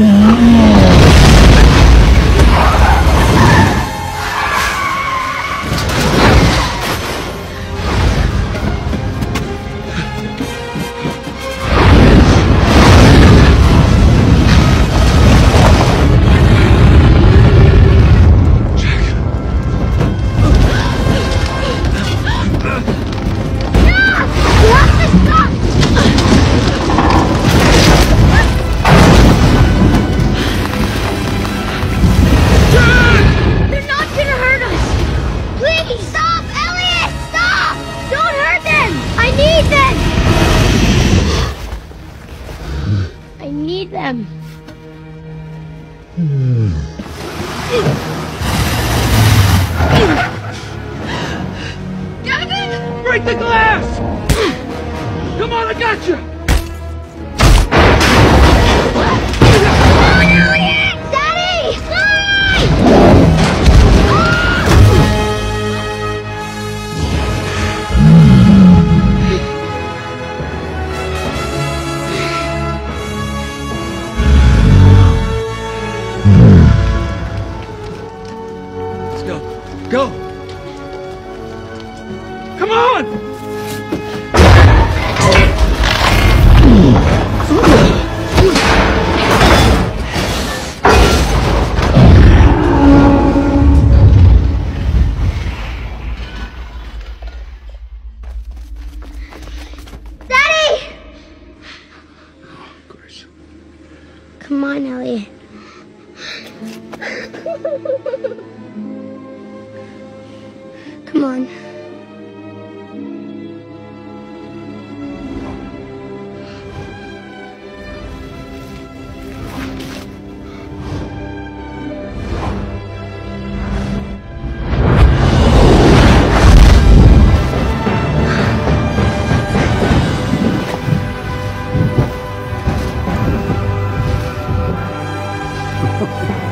Oh, no. need them. Gavin! Break the glass! Come on, I got you! Come on! Come on, Ellie. Come on. Thank you.